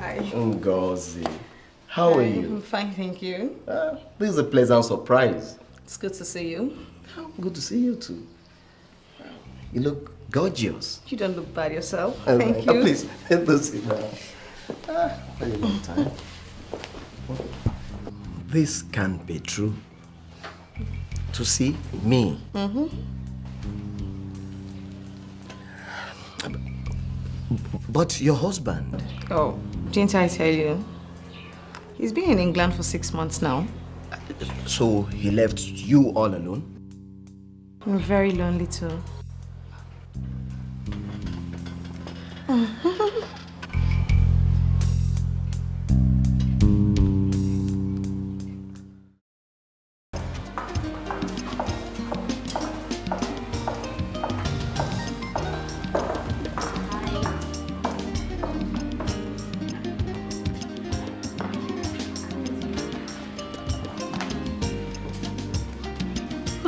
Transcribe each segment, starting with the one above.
Hi. Ngozi. How are you? I'm fine, thank you. Uh, this is a pleasant surprise. It's good to see you. Oh, good to see you too. You look gorgeous. You don't look bad yourself. thank right. you. Oh, please, let's sit down. Ah, very long time. This can't be true. To see me. Mm-hmm. Ah, but your husband? Oh, didn't I tell you? He's been in England for six months now. So he left you all alone? I'm very lonely too.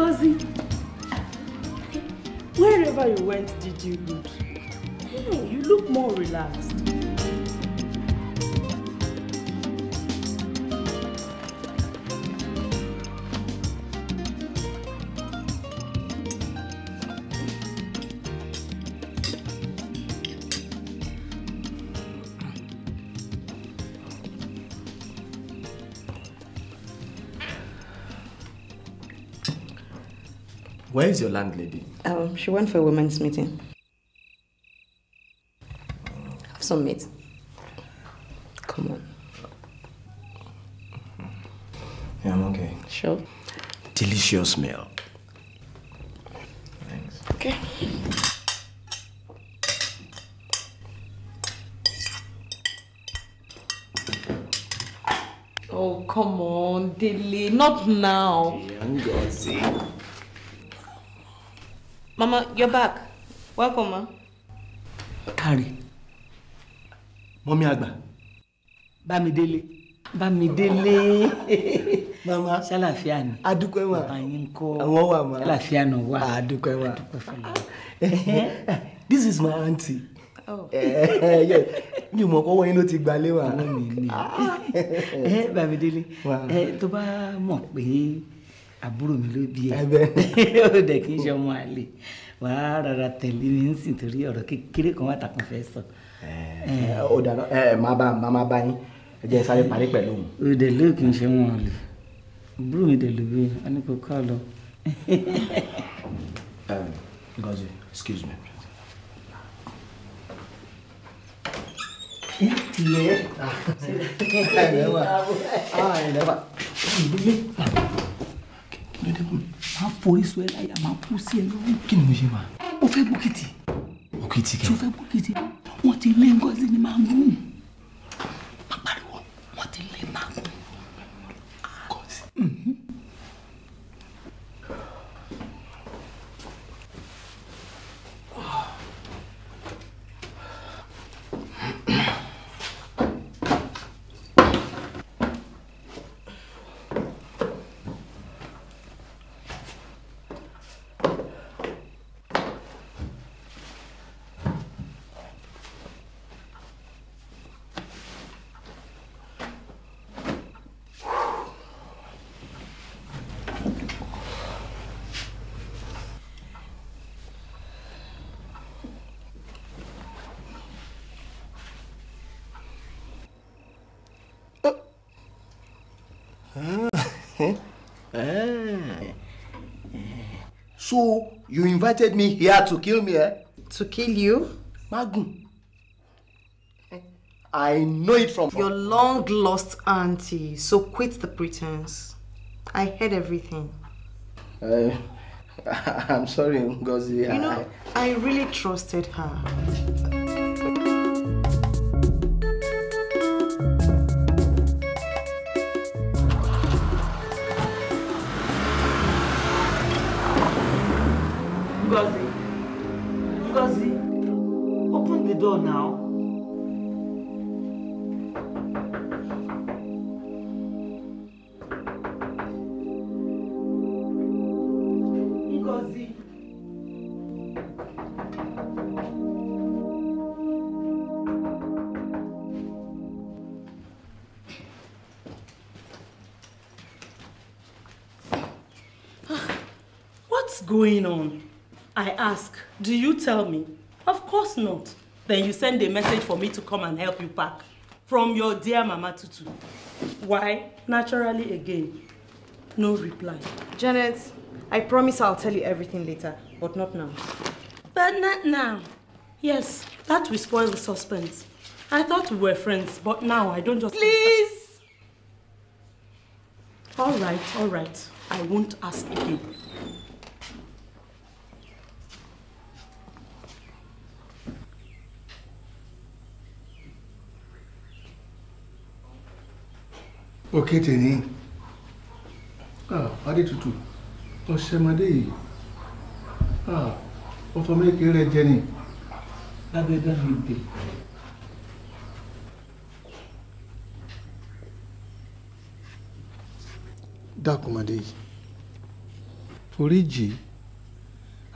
Ngozi, wherever you went, did you look? Hey, hmm, you look more relaxed. Where is your landlady? Um, she went for a women's meeting. Have some meat. Come on. Yeah, I'm okay. Sure. Delicious meal. Thanks. Okay. Oh, come on, Dilly. Not now. Young Godsey. Mama, you're back. Welcome, ma. Kari. Mọ́mí àgbà. Bámidélé. Bámidélé. Mama. Ṣàlàfíà ni. Adúpẹ́ wà. Bàbá yín kọ́. Àwọn wà ma. Ṣàlàfíà náà wà. Adúpẹ́ wà. Adúpẹ́ fọlọ́. Eh, eh, this is my aunty. Oh. Eh, mi ò mọ̀ kọ́wọ́ yín ló ti le wa. Àwọn mi ni. Ah. Eh, to ba mo pé àbúrò mi ló bí ẹ ó dẹ̀ kí n ṣe ọmọ àlè wàá rárá tẹ̀lé mi ń sìn torí ọ̀rọ̀ kékeré kan wà tàkùn fẹ́ sọ. ó dáná ẹ ẹ máa bá máa máa bá yín ẹ jẹ́ sáré parí pẹ̀lú òun. ó dẹ̀ ló kì í ṣe wọn àlè àbúrò mi dẹ̀ ló bí ẹ ní kò ká lọ. Ngozi, excuse me. ilé ẹ ẹ lẹ́wà ẹ lẹ́wà ìdílé ló dé fún mi máa forí sọ ẹ láyà máa kú sí ẹ lọ́wọ́. kí ni mo ṣe máa. o fẹ́ bọ́kìtì. bọ́kìtì kẹ́. o fẹ́ bọ́kìtì. wọ́n ti lé Ngozi ní máa ń gún. Ah. So you invited me here to kill me, eh? To kill you? Magun. I know it from your long lost auntie. So quit the pretense. I heard everything. Uh, I'm sorry, Ngozi. You know, I, I really trusted her. going on? I ask. Do you tell me? Of course not. Then you send a message for me to come and help you pack. From your dear Mama Tutu. Why? Naturally again. No reply. Janet, I promise I'll tell you everything later, but not now. But not now. Yes, that will spoil the suspense. I thought we were friends, but now I don't just... Please! All right, all right. I won't ask again. òkété ni adétutù ọ̀sẹ̀mọdé yìí ọ̀fọ̀ méje rẹ̀ jẹ́ ni lábẹ́ dáhùn ìdè. dákùmọ̀dé yìí foríjì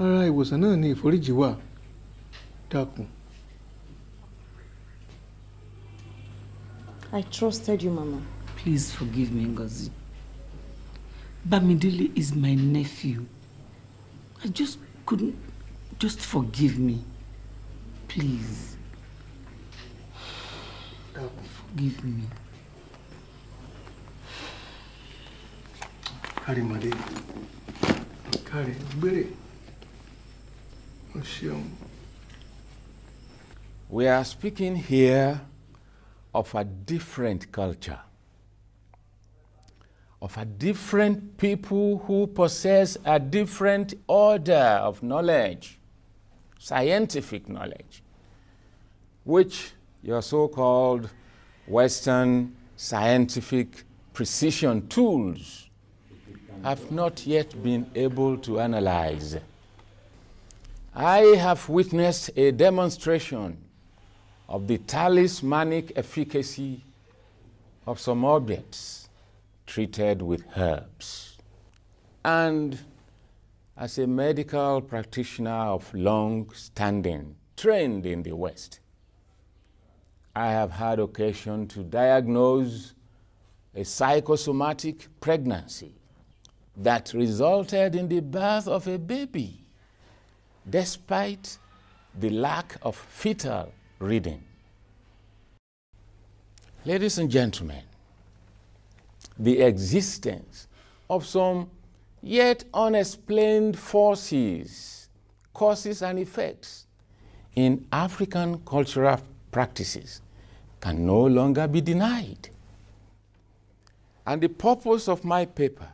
ara ìwòsàn náà ni ìforíjì wà dákun. I trusted you, Mama. Please forgive me, Ngozi. Bamidili is my nephew. I just couldn't... Just forgive me. Please. forgive me. Kari, my dear. Kari, Bere. We are speaking here of a different culture of a different people who possess a different order of knowledge, scientific knowledge, which your so called Western scientific precision tools have not yet been able to analyze. I have witnessed a demonstration of the talismanic efficacy of some objects treated with herbs. And as a medical practitioner of long standing, trained in the West, I have had occasion to diagnose a psychosomatic pregnancy that resulted in the birth of a baby, despite the lack of fetal reading. Ladies and gentlemen, the existence of some yet unexplained forces, causes and effects in African cultural practices can no longer be denied. And the purpose of my paper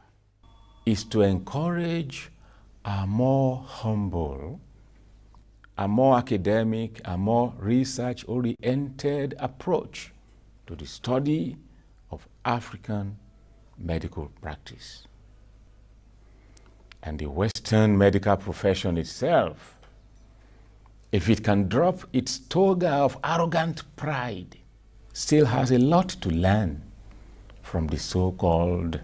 is to encourage a more humble, a more academic, a more research oriented approach to the study of African medical practice. And the Western medical profession itself, if it can drop its toga of arrogant pride, still has a lot to learn from the so called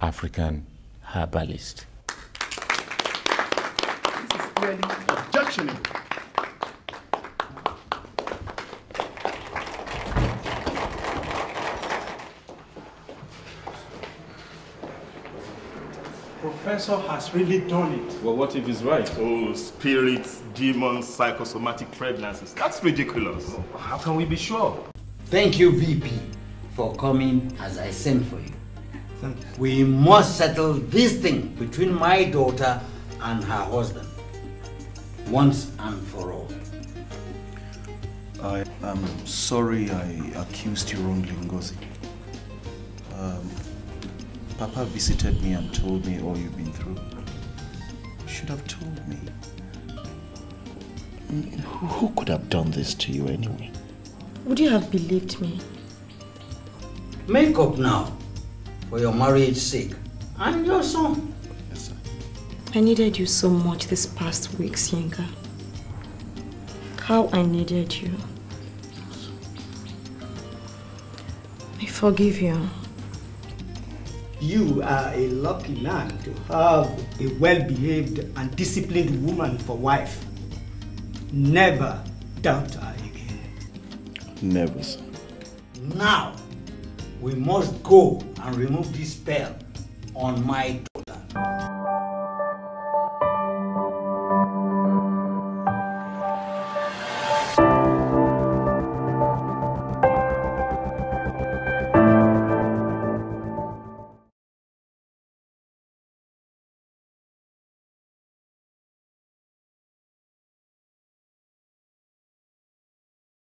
African herbalist. This is really objectionable. Professor has really done it. Well, what if he's right? Oh, spirits, demons, psychosomatic pregnancies. That's ridiculous. how can we be sure? Thank you, VP, for coming as I sent for you. Thank you. We must settle this thing between my daughter and her husband. Once and for all. I am sorry I accused you wrongly, Ngozi. Um, Papa visited me and told me all you've been through. You should have told me. Who could have done this to you anyway? Would you have believed me? Make up now for your marriage sake and your son. Yes, sir. I needed you so much this past week, Yinka. How I needed you. I forgive you. You are a lucky man to have a well-behaved and disciplined woman for wife. Never doubt her again. Never, sir. Now, we must go and remove this spell on my